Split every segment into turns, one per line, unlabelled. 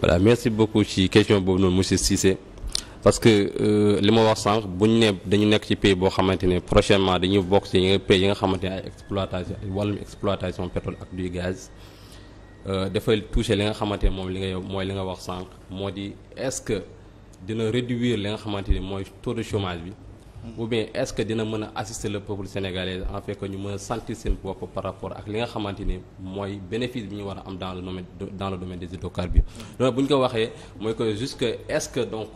voilà merci beaucoup ci question boobu noonu monsieur Cissé parce que euh, li ma wax sànq bu ñu ne dañu nekk ci pays boo xamante ne prochainement dañu bokk ci yeneen pays yi nga xamante ne ay exploitation wàllum exploitation pétrole ak du gaz euh, dafay toucher li nga xamante ne moom li nga yow mooy li nga wax sànq moo di est-ce que dina réduire li nga xamante ni mooy taux de chômage bi. ou bien est-ce que dina mën a assister le peuple sénégalais en fait que ñu mën a sentir seen bopp par rapport ak li nga xamante ni mooy bénéfice bi ñu war a am dans le domaine dans le domaine des hydrocarbures bu ñu ko waxee mooy que jusque est-ce que donc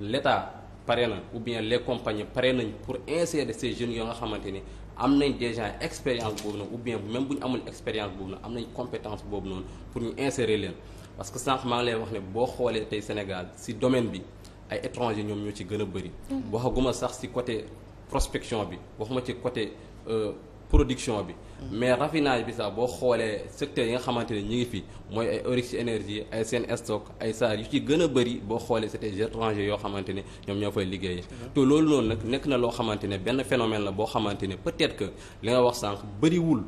l'État pare na ou bien les compagnies pare nañ pour insérer ces jeunes yoo nga xamante ni am nañ déjà expérience boobu noonu ou bien même bu ñu amul expérience boobu noonu am nañ compétence boobu noonu pour ñu insérer leen parce que sànq maa lay wax ne boo xoolee tey Sénégal ci domaine bi ay étrangers ñoom ñoo ci gën a bëri. Mm. waxaguma sax ci côté prospection bi waxuma ci côté euh, production bi. Mm. mais raffinage bi sax boo xoolee secteurs yi nga xamante ne ñu ngi fi mooy ay Oryx énergie ay seen stock ay SAR yu ci gën a bëri boo xoolee c'est yoo xamante ne ñoom ñoo fay liggéeyee. Mm-hmm. te loolu noonu nag nekk na loo xamante ne benn phénomène la boo xamante ne peut-être que li nga wax sànq bëriwul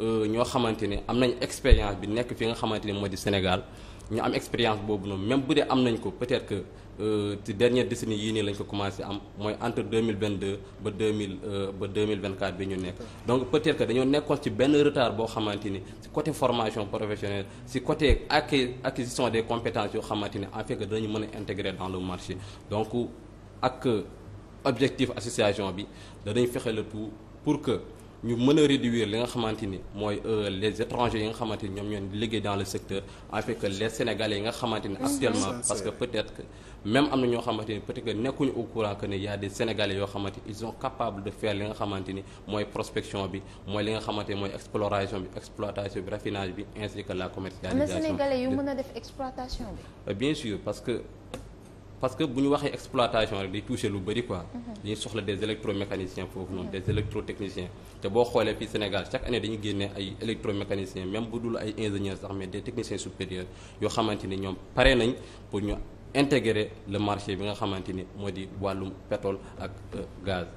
euh, ñoo xamante ne am nañ expérience bi nekk fii nga xamante ne moo di Sénégal. ñu am expérience boobu noonu même bu dee am nañ ko peut-être que euh, ci dernière décennie yii nii lañ ko commencé am mooy entre mille 2022 ba 2000 euh, ba 2024 bi ñu nekk donc peut-être que dañoo nekkoon ci benn retard boo xamante ni ci côté formation professionnelle ci côté acquis acquisition des compétences yoo xamante ni en fait que dañu mën a intégrer dans le marché donc ak objectif association bi danañ fexe le tout pour que ñu mën a réduire li nga xamante ni mooy euh, les étrangers yi nga xamante ni ñoom ñoo liggéey dans le secteur afin que les sénégalais yi nga xamante ni mm-hmm. actuellement parce que peut-être que même am na ñoo xamante ni peut-être nekkuñu au courant que ne y a des yoo xamante ils sont capables de faire li nga xamante ni mooy prospection bi mooy li nga xamante ni mooy exploration bi exploitation bi raffinage bi ainsi que la commercialisation. am na yu mën a def exploitation euh, parce que bu ñu waxee exploitation rek day toucher lu bëri quoi. dañuy soxla des électromécaniciens foofu noonu des électrotechniciens. te boo xoolee fii Sénégal chaque année dañuy génnee ay électromécaniciens même bu dul ay ingénieurs sax mais des techniciens supérieurs yoo xamante ni ñoom pare nañ pour ñu intégrer le marché bi nga xamante ni moo di wàllum pétrole ak euh, gaz.